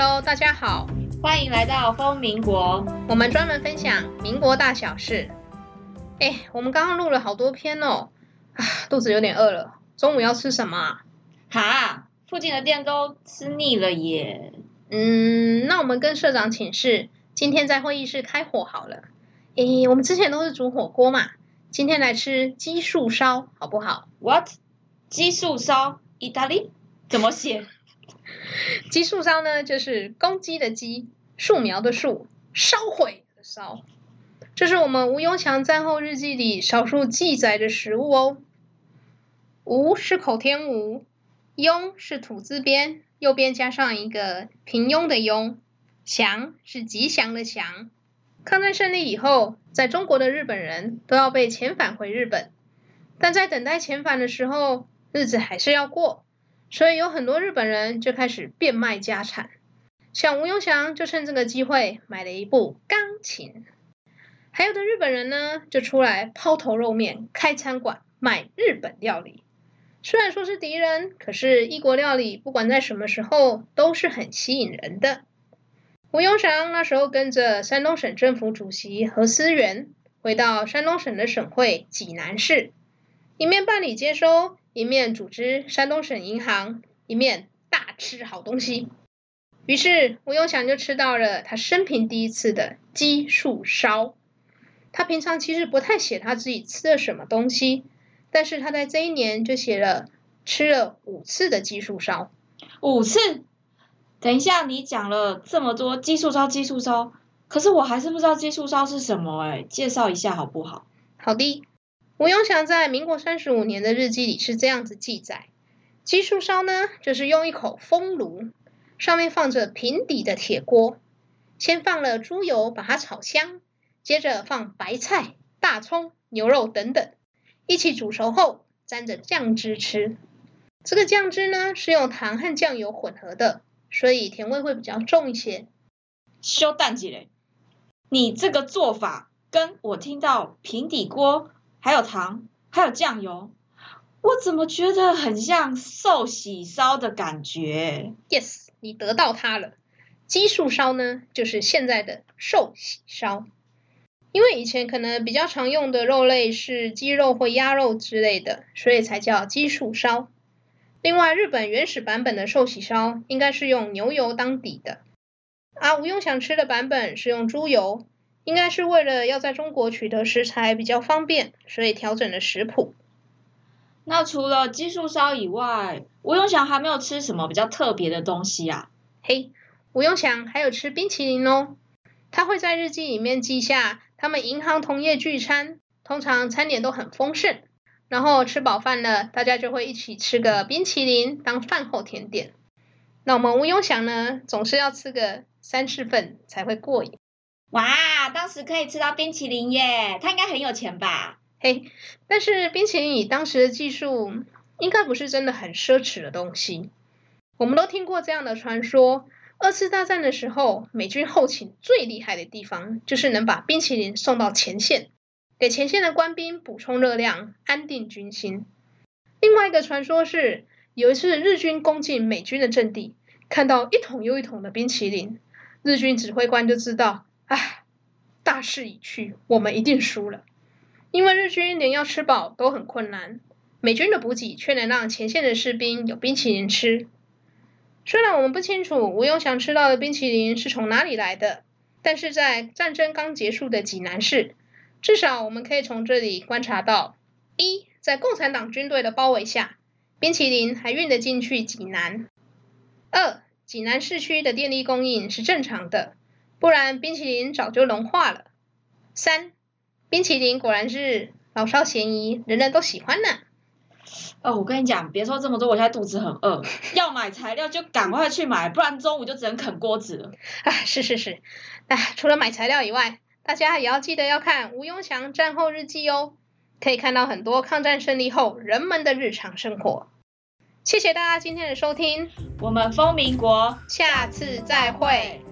Hello，大家好，歡迎來到瘋民國。我們專門分享民國大小事。哎，我們剛剛錄了好多篇哦，啊，肚子有點餓了。中午要吃什麼啊？哈，附近的店都吃膩了耶。嗯，那我們跟社長請示，今天在會議室開火好了。咦，我們之前都是煮火鍋嘛，今天來吃雞素燒好不好？What？雞素燒意大利怎麼寫？ 雞素燒呢？就是公雞的雞，樹苗的樹，燒毀的燒。這是我們吳墉祥戰後日記裡少數記載的食物哦。吳是口天吳，墉是土字邊，右邊加上一個平庸的庸，祥是吉祥的祥。抗戰勝利以後，在中國的日本人都要被遣返回日本，但在等待遣返的時候，日子還是要過。所以有很多日本人就開始變賣家產，像吳墉祥就趁這個機會買了一部鋼琴，還有的日本人呢，就出來拋頭露面開餐館賣日本料理。雖然說是敵人，可是異國料理不管在什麼時候都是很吸引人的。吳墉祥那時候跟着山東省政府主席何思源回到山東省的省會濟南市，一面辦理接收，一面組織山東省銀行，一面大吃好東西。於是吳墉祥就吃到了他生平第一次的雞素燒。他平常其實不太寫他自己吃了什麼東西，但是他在這一年就寫了吃了五次的雞素燒，五次。等一下，你講了這麼多雞素燒、雞素燒，可是我還是不知道雞素燒是什麼，欸，哎，介紹一下好不好？好的。吳墉祥在民國三十五年的日記裡是這樣子記載：雞素燒呢，就是用一口風爐，上面放着平底的鐵鍋，先放了豬油把它炒香，接着放白菜、大蔥、牛肉等等，一起煮熟後沾着醬汁吃。這個醬汁呢是用糖和醬油混合的，所以甜味會比較重一些。修蛋幾嘞，你這個做法跟我聽到平底鍋。還有糖，還有醬油，我怎麼覺得很像壽喜燒的感覺？Yes，你得到它了。雞素燒呢，就是現在的壽喜燒，因為以前可能比較常用的肉類是雞肉或鴨肉之類的，所以才叫雞素燒。另外，日本原始版本的壽喜燒應該是用牛油當底的，而、啊、吳墉祥想吃的版本是用豬油。應該是為了要在中國取得食材比較方便，所以調整了食譜。那除了雞素燒以外，吳墉祥還沒有吃什麼比較特別的東西啊？嘿、hey，吳墉祥還有吃冰淇淋哦。他會在日記裡面記下，他們銀行同業聚餐，通常餐點都很豐盛，然後吃飽飯了，大家就會一起吃個冰淇淋當飯後甜點。那我們吳墉祥呢，總是要吃個三四份才會過癮。哇，當時可以吃到冰淇淋耶！他應該很有錢吧？嘿，但是冰淇淋以當時的技術，應該不是真的很奢侈的東西。我們都聽過這樣的傳說：二次大戰的時候，美軍後勤最厲害的地方就是能把冰淇淋送到前線，給前線的官兵補充熱量，安定軍心。另外一個傳說是，有一次日軍攻進美軍的陣地，看到一桶又一桶的冰淇淋，日軍指揮官就知道。唉，大勢已去，我們一定輸了。因為日軍連要吃飽都很困難，美軍的補給卻能讓前線的士兵有冰淇淋吃。雖然我們不清楚吳墉祥吃到的冰淇淋是從哪裡來的，但是在戰爭剛結束的濟南市，至少我們可以從這裡觀察到：一，在共產黨軍隊的包圍下，冰淇淋還運得進去濟南；二，濟南市區的電力供應是正常的。不然冰淇淋早就融化了。三，冰淇淋果然是老少咸宜，人人都喜歡呢、啊。哦，我跟你講，別說這麼多，我現在肚子很餓， 要買材料就趕快去買，不然中午就只能啃鍋子了。哎、啊，是是是，哎、啊，除了買材料以外，大家也要記得要看吳墉祥戰後日記哦，可以看到很多抗戰勝利後人們的日常生活。謝謝大家今天的收聽，我們瘋民國下次再會。